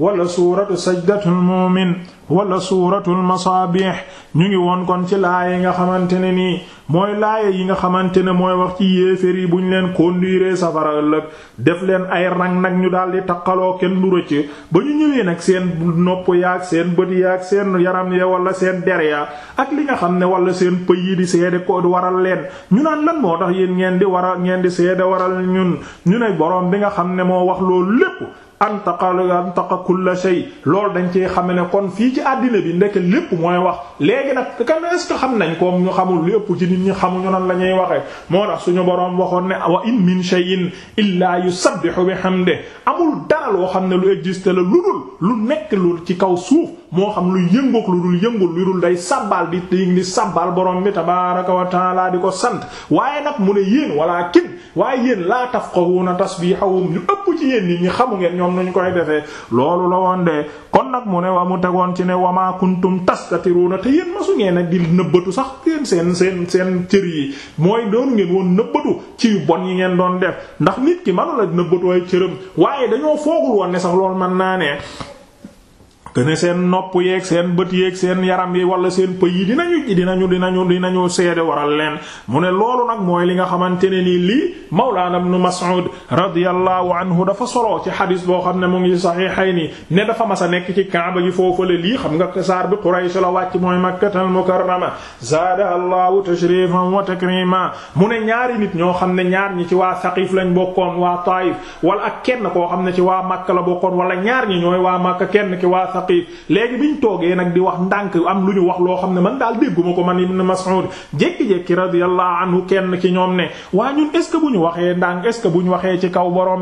wala suuratu sajdatul muumin wala suuratul masaabih ñu ngi woon kon ci laaya yi nga xamante ne nii mooy laaya yi nga xamante ne mooy wax ci yéefér yi buñ leen conduire safara ëllëg def leen ay rang nag ñu daldi taqaloo kenn du rëcc ba ñu ñëwee nag seen nopp yaag seen bët yaag seen yaram ya wala seen der ya ak li nga xam ne wala seen pëy yi di seede ko waral leen ñu naan lan moo tax yéen ngeen di waral ngeen di seede waral ñun ñu ne borom bi nga xam ne moo wax loolu antaqa antaqa kulla shay loolu dañ cee xame ne kon fii ci àddina bi ndeke lépp mooy wax léegi nag ka est ce xam nañ koom ñu xamul lu ci nit ñi xamuñu nan la ñuy waxee moo tax suñu boroom waxoon ne wa in min shay'in illaa xam ne amul dara loo xam ne lu existe la lu dul lu nekk lu ci kaw suuf moo xam lu yëngook lu dul yëngul lu dul day sabbal di di di sabbal borom bi tabaaraka wa laa di ko sant waaye nag mu ne yéen walaakin waaye yéen laa tafqahuuna tasbiihahum ñu ëpp ci yéen nit ñi xamu ngeen ñoom ñu koy defee loolu la woon de kon nag mu ne wa mu tegoon ci ne wa maa kuntum tastatiruuna te yéen masu ngeen a di nëbbatu sax yéen seen seen seen cër yi mooy doon ngeen woon nëbbatu ci yu bon yi ngeen doon def ndax nit ki mënu la nëbbatu ay cëram waaye sax loolu mën naa ne ne seen nopp yeeg seen bët yeeg seen yaram yi wala seen pëy yi dinañu dinañu dinañu dinañu seede waral leen mu ne loolu nag mooy li nga xamante ne nii lii Mawlaana Ibnu Mas'ud radiyallahu anhu dafa soloo ci xadis boo xam ne mu ngi Sahihayni ne dafa mas a nekk ci Kaaba gi foofale lii xam nga saar bi Quraysh la wàcc mooy Makkatal Mukarrama zaadaha Allahu tashrifan wa takrima mu ne ñaari nit ñoo xam ne ñaar ñi ci waa Saqif lañ bokkoon waa Taayif saqiif léegi bi ñu toogee nag di wax ndànk am lu ñu wax loo xam ne man daal dégguma ko man ibn Mas'ud jékki-jékki radiyallahu anhu kenn ci ñoom ne waa ñun est bu ñu waxee ndànk est ce que bu ñu waxee ci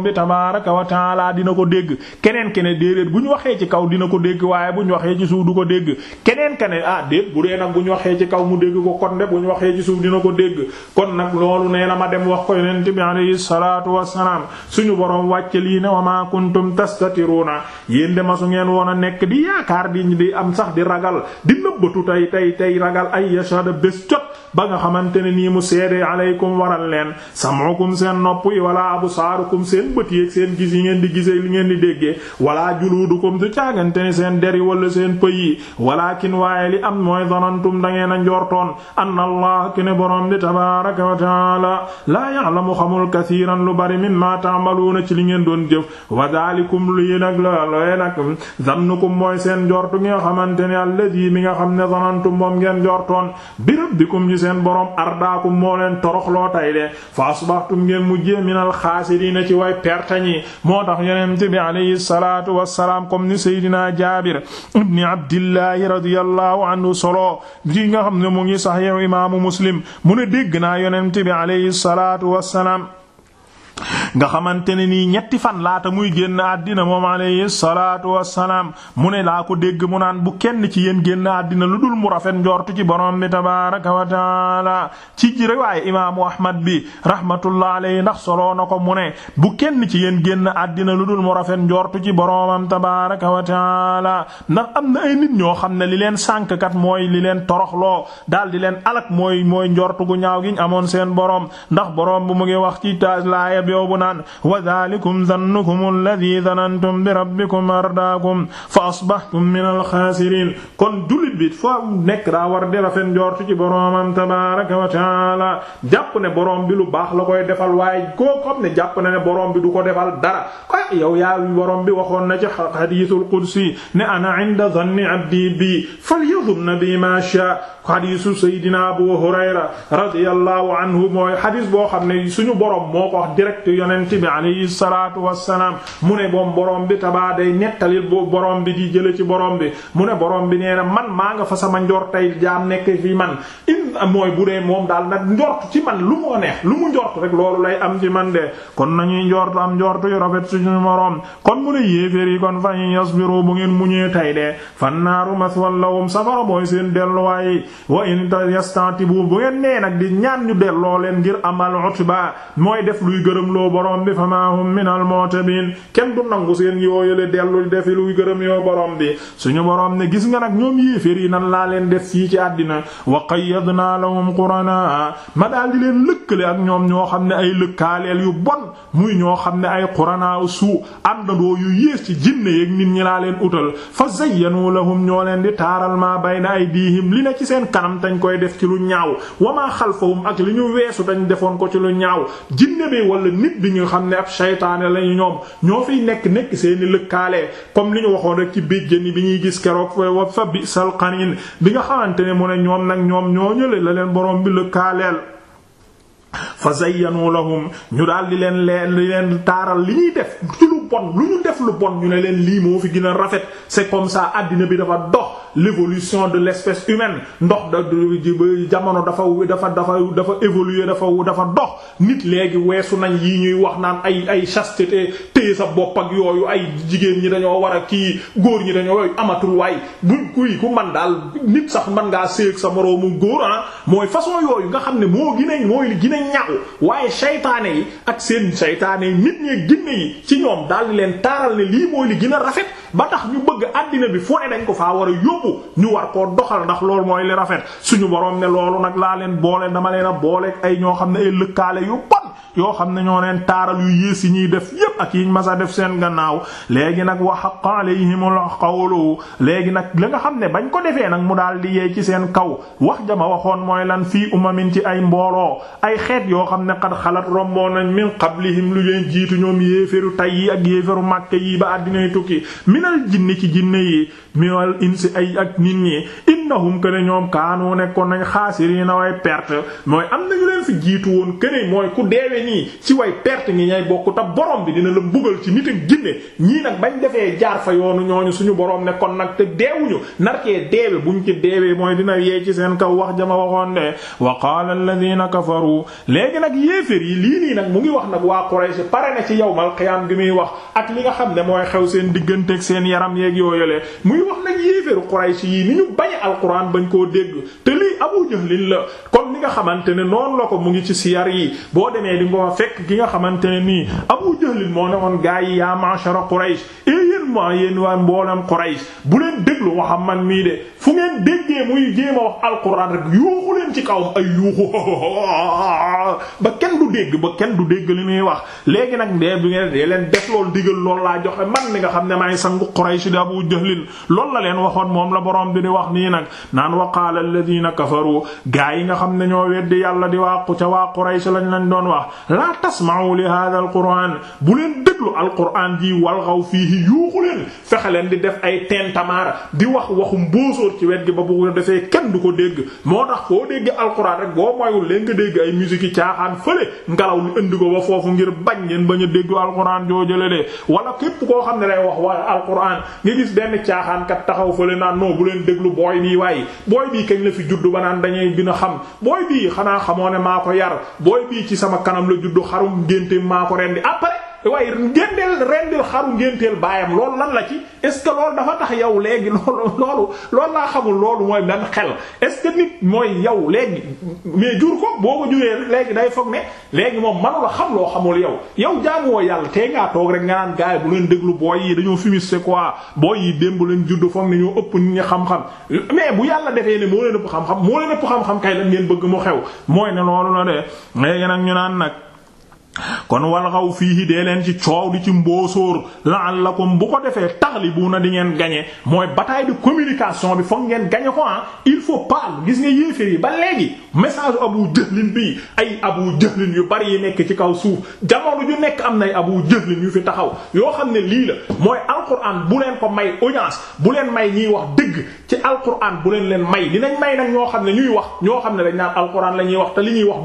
bi tabaaraka wa taala dina ko dégg ke ne déedéet bu ñu waxee ci kaw dina ko dégg waaye bu ñu waxee ci suuf du ko dégg keneen ke ne ah déet bu dee nag bu ñu waxee ci kaw mu dégg ko kon de bu ñu waxee ci suuf dina ko dégg kon nag loolu nee na ma dem wax ko yonent bi alayhi salaatu wassalaam suñu borom wàcce lii ne wa ma kuntum tastatiruna yéen de ma su ngeen a di yaakaar di di am sax di ragal di nëbbatu tey tey tey ragal ay yashada bés jot ba nga xamante ne nii mu seede aleykum waral leen sam'ukum seen nopp yi wala absaarukum seen bët yi ak seen gis yi ngeen di gisee li ngeen di déggee wala juluudukum du caagante ne seen der yi wala seen pëy yi kin waaye li am mooy zanantum da ngeen a njortoon anna allah ki ne boroom di tabaraka wa taala laa ya'lamu xamul kasiiran lu bari mimma ta'maluuna ci li ngeen doon jëf wa daalikum li nak la looy mooy seen njortu gi nga xamante ne alladi mi nga xam ne zanantum moom ngeen njortoon bi rabbikum ci seen borom ardaakum moo leen toroxloo tay de fa asbahtum ngeen mujjee minal xaasiriina ci way perte ñi wassalaam comme ni Seydina Jaabir ibni Abdillahi radiyallahu anhu solo li nga xam ne mu ngi saxiix imaamu Muslim mu ne dégg naa wassalaam nga xamante ne nii ñetti fan laata muy génn àddina moom alayhi salaatu wassalaam mu ne laa ko dégg mu naan bu kenn ci yéen génn àddina lu dul mu rafet njortu ci borom bi tabaaraka wa taala ci riwaaya imaamu ahmad bi rahmatullah alayhi ndax soloo ko mu ne bu kenn ci yéen génn àddina lu dul mu rafet njortu ci boromam tabaaraka wa taala ndax am na ay nit ñoo xam ne li leen sànk kat mooy li leen toroxloo daal di leen alak mooy mooy njortu gu ñaaw giñ amoon seen borom ndax borom bu mu ngi wax laaya bi naan wa dhalikum dhannukum alladhi dhanantum bi rabbikum ardaakum fa asbahtum min alxaasiriin kon jullit bi fa nekk daa war di rafet njortu ci boroomam tabaaraka wa taala jàpp ne boroom bi lu baax la koy defal waaye koo xam ne jàpp na ne boroom bi du ko defal dara ah yow yaa boroom bi waxoon na ci xadiisul qudsi ne ana inda dhanni abdi bi falyadhunna bi ma sha xadiisu saydina abu hurayra radiyallahu anhu mooy xadiis boo xam ne suñu boroom moo ko wax direct yonent bi alayhi salaatu salaam mu ne boom borom bi tabaa day nettali boobu borom bi di jële ci borom bi mu ne borom bi nee na man maa nga fa sama njortay jaam nekk fii man mooy bu dee moom daal nag njort ci man lu moo neex lu mu njort rek loolu lay am ci man de kon nañuy njort am njort yu rafet suñu moroom kon mu ne yéeféer yi kon fa in yasbiru bu ngeen muñee tay de fan naaru maswan lahum safara mooy seen delluwaay wa in yastatibu bu ngeen nee nag di ñaan ñu delloo leen ngir amal utba mooy def luy gërëm loo borom bi fama hum min al mu'tabin kenn du nangu seen yooyale dellu defi luy gërëm yoo bi suñu borom ne gis nga nag ñoom yéeféer yi nan laa leen def ci àddina wa qayyadna ja'alna lahum qurana ma daal di leen ak ñoom ñoo xam ne ay lëkkaaleel yu bon muy ñoo xam ne ay qurana su àndandoo yu yées ci jinne yeeg nit ñi laa leen utal fa zayyanu lahum ñoo leen di taaral ma bayna aydihim li na ci seen kanam tañ koy def ci lu ñaaw wa ma xalfahum ak li ñu weesu tañ defoon ko ci lu ñaaw jinne bi wala nit bi nga xam ne ab shaytaane lañu ñoom ñoo fiy nekk nekk seeni lëkkaale comme li ñu waxoon rek ci béjjëni bi ñuy gis keroog fa bi sal qarin jële la leen borom bi lëkkaaleel fa zayyanu lahum ñu daal di leen leen di leen taaral li ñuy def ci lu bon lu ñu def lu bon ñu ne leen lii moo fi gën a rafet c'est comme ça àddina bi dafa dox l'évolution de l'espèce humaine ndox da jamono dafa dafa dafa dafa évoluer dafa dafa dox nit léegi weesu nañ yi ñuy wax naan ay ay chasteté téye sa bopp ak yooyu ay jigéen ñi dañoo war a kii góor ñi dañoo yooyu amatul waay buñ kuy ku man daal nit sax man ngaa séeg sa moroomu góor ah mooy façon yooyu nga xam ne moo a mooy gën a ñaaw yàqu waaye saytaane yi ak seen seytaane yi nit ñi ginne yi ci ñoom daal di leen taaral ne lii mooy li gën a rafet ba tax ñu bëgg àddina bi fu ne ko faa war a yóbbu ñu war koo doxal ndax lool mooy li rafet suñu boroom ne loolu nag laa leen boole dama leen a boole ay ñoo xam ne ay lëkkaale yu bon yoo xam ne ñoo leen taaral yu yées yi ñuy def yépp ak yiñ masa def seen gannaaw léegi nag wax wa haqqa la qawlu léegi nag li nga xam ne bañ ko defee nag mu daal di ci seen kaw wax ci ay mbooloo yoo xam ne xat xalat romboo nañ min qablihim lu leen jiitu ñoom yéeféru tay yi ak yéeféru màkke yi ba àddinay tukki minal jinni ci jinne yi minal insi ay ak nit ñi innahum kene ñoom kaanu nekkoon nañ xaasiriina way perte mooy am nañu leen fi jiitu woon kene mooy ku deewe nii ci way perte ngi ñay bokk te borom bi dina la mbugal ci nit ak ginne ñii nag bañ defee jaar fa yoonu ñooñu suñu borom ne kon nag te deewuñu narkee deewe buñ ci deewee mooy dina yee ci seen kaw wax jama waxoon de wa qaala alladhina kafaru léegi nag yéefér yi lii nii nag mu ngi wax nag waa Quraysh pare na ci yawmal qiyaam gi muy wax ak li nga xam ne mooy xew seen digganteeg seen yaram yeeg yooyole muy wax nag yéeféru Quraysh yi ni ñu bañ al alquran bañ koo dégg te lii Abu Jahlin la comme ni nga xamante ne noonu la ko mu ngi ci siyar yi boo demee di nga fekk ki nga xamante ne nii Abu Jahlin moo ne woon gaa yi yaa ma'shara Quraysh eh, ma yéen waa mboolam Quraysh bu leen déglu waxam man mii de fu ngeen déggee muy jéem a wax alquran rek yuuxu leen ci kawam ay yuuxu ba kenn du dégg ba kenn du dégg li muy wax léegi nag dee leen loolu digal loolu laa joxe man mi nga xam ne maay sangu Quraysh di Abu Jahlin loolu la leen waxoon moom la borom bi di wax nii nag naan wa qaala alladhina kafaru gaa yi nga xam ne ñoo weddi yàlla di waaqu ca waa Quraysh lañ lañ doon wax laa tasma'u li hadha al-Qur'an bu leen déglu al-Qur'an ji walghaw fiihi yuuxu leen fexe leen di def ay tentamara di wax waxu mbóosóor ci wet gi ba bu ko defee kenn du ko dégg moo tax foo dégg alxuraan rek boo moyul leen nga dégg ay musique yi a la de wala képp koo xam ne day wax waa alquran nga gis benn caaxaankat taxaw fële naan non bu leen déglu booy bii waaye booy bii kañ la fi juddu ba naan dañuy gën xam booy bii xanaa xamoo ne maa ko yar booy bii ci sama kanam la juddu xarum génte maa ko rendi après waaye ngénteel rendil xaru ngénteel baayam loolu lan la ci est-ce que loolu dafa tax yow léegi loolu loolu loolu laa xamul loolu mooy lan xel est-ce que nit mooy yow léegi mais jur ko boo ko juree léegi day foog ne léegi moom manu xam loo xamul yow yow jaamuwoo yàlla tee ngaa toog rek nga naan gaay bu leen déglu booy yi dañoo fumis c'est quoi booy yi démb leen juddu foog ne ñoo ëpp nit ñi xam-xam mais bu yàlla defee ne moo leen ëpp xam-xam moo leen ëpp xam-xam kay bëgg mu xew mooy ne loolu la de léegi ñu naan nag kon walxaw fiihi dee leen ci coow di ci la la'allakum bu ko defee na di ngeen gañe mooy bataille de communication bi foog ngeen gañe ko ah il faut pas gis nga yéeféer yi ba léegi message abu jëxlin bi ay abu jëxlin yu bari yi nekk ci kaw suuf jamono ju nekk am nay abu jëxlin yu fi taxaw yoo xam ne lii la mooy alquran bu leen ko may audience bu leen may ñiy wax dëgg ci alquran bu leen leen may dinañ may nag ñoo xam ne ñuy wax ñoo xam ne dañ naan alquran la ñuy wax te li ñuy wax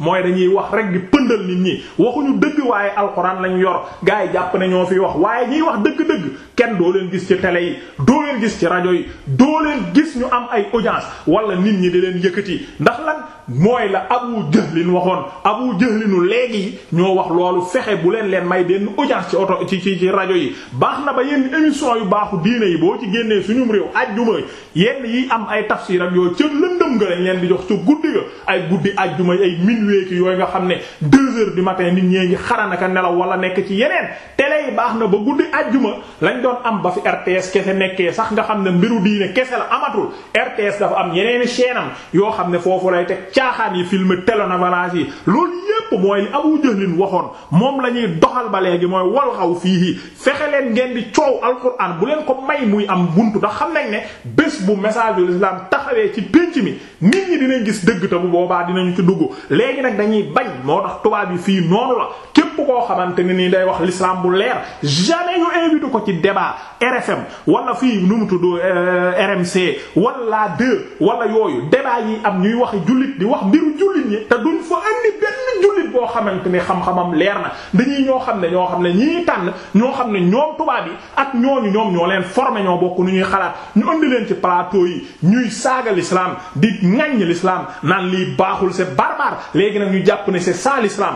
mooy dañuy wax rek di pëndal nit ñi waxuñu dëgg waaye alxuraan lañu yor gars yi jàpp ne ñoo fiy wax waaye ñiy wax dëgg-dëgg kenn doo leen gis ci tele yi doo leen gis ci rajo yi doo leen gis ñu am ay audience wala nit ñi di leen yëkkati ndax lan mooy la abu jahlin waxoon abu jahlinu léegi ñoo wax loolu fexe bu leen leen may benn audience ci oto ci ci ci rajo yi baax na ba yenn émission yu baaxu diine yi boo ci génnee suñum réew ajjuma yenn yi am ay tafsir ak yooyu ca lëndëm nga lañ leen di jox ca guddi ga ay guddi ajjuma ay minuit ki yooyu nga xam ne deux heures du matin nit ñee ngi xaranaka nelaw wala nekk ci yeneen tele yi baax na ba guddi ajjuma lañ doon am ba fi RTS kese nekkee sax nga xam ne mbiru diine kese amatul RTS dafa am yeneen chaîne yoo xam ne foofu lay teg caaxaan yi film télénovelas yi loolu yépp mooy li Abu Jahlin waxoon moom la ñuy doxal ba léegi mooy wal xaw fii fexe leen ngeen di coow alquran bu leen ko may muy am bunt ndax xam nañ ne bés bu message de l'islam taxawee ci pénc mi nit ñi dinañ gis dëgg te bu boobaa ci dugg léegi nag dañuy bañ moo tax tubaab yi fii noonu la képp koo xamante ne nii day wax l'islam bu leer jamais ñu invité ko ci débat RFM wala fii nu mu tudd euh, RMC wala 2 wala yooyu débat yi am ñuy wax jullit di wax mbiru jullit ñi te duñ fa andi benn jullit boo xamante ni xam-xamam leer na dañuy ñoo xam ne ñoo xam ne ñii tànn ñoo xam ne ñoom tubaab yi ak ñooñu ñoom ñoo leen formé ñoo bokk nu ñuy xalaat ñu andi leen ci plateau yi ñuy saaga l'islam di ŋaññ lislaam naan lii baaxul se barbare léegi nag ñu jàpp ne c'est ça l'islam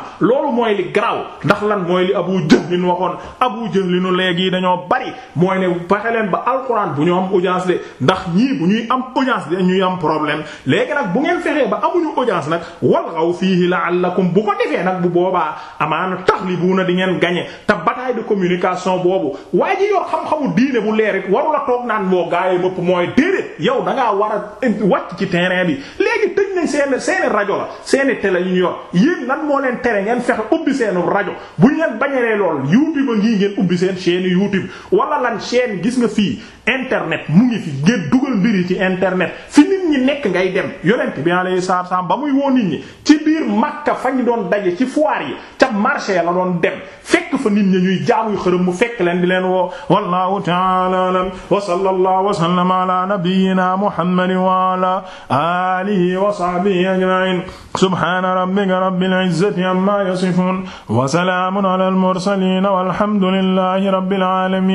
mooy li ndax lan mooy li abu jahlin waxoon abu jahlinu léegi dañoo bari mooy ne fexe leen ba alxuraan bu ñu am audience de ndax ñii bu ñuy am audience de ñuy am problème léegi nag bu ngeen fexee ba amuñu audience nag walghaw fiihi la'allakum bu ko defee nag bu boobaa amaana taxlibuuna di ngeen gañe te bataille de communication boobu waaye ji yor xam-xamu diine bu leer it la toog naan moo gaay mëpp mooy déedéet yow da ngaa war a wàcc ci terrain bi léegi tëj nañ seen rajo bu ñu leen bañalee lool youtube a ngii ngeen ubbi seen chaîne youtube wala lan chaîne gis nga fii internet mu ngi fi ngeen dugal mbiri ci internet fi nit ñi nekk ngay dem yonent bi alayhi salaam ba muy woo nit ñi ci biir Makka fañ doon daje ci foire yi ca marché la doon dem fekk fa nit ñi ñuy jaamuy xërëm mu fekk leen di leen woo wallahu ta'ala alam wa sallallahu wa sallama ala nabiyyina muhammadin wa ala alihi wa sahbihi ajma'in subhana rabbika rabbil izzati amma yasifun wa salamun ala al mursalin walhamdulillahi rabbil alamin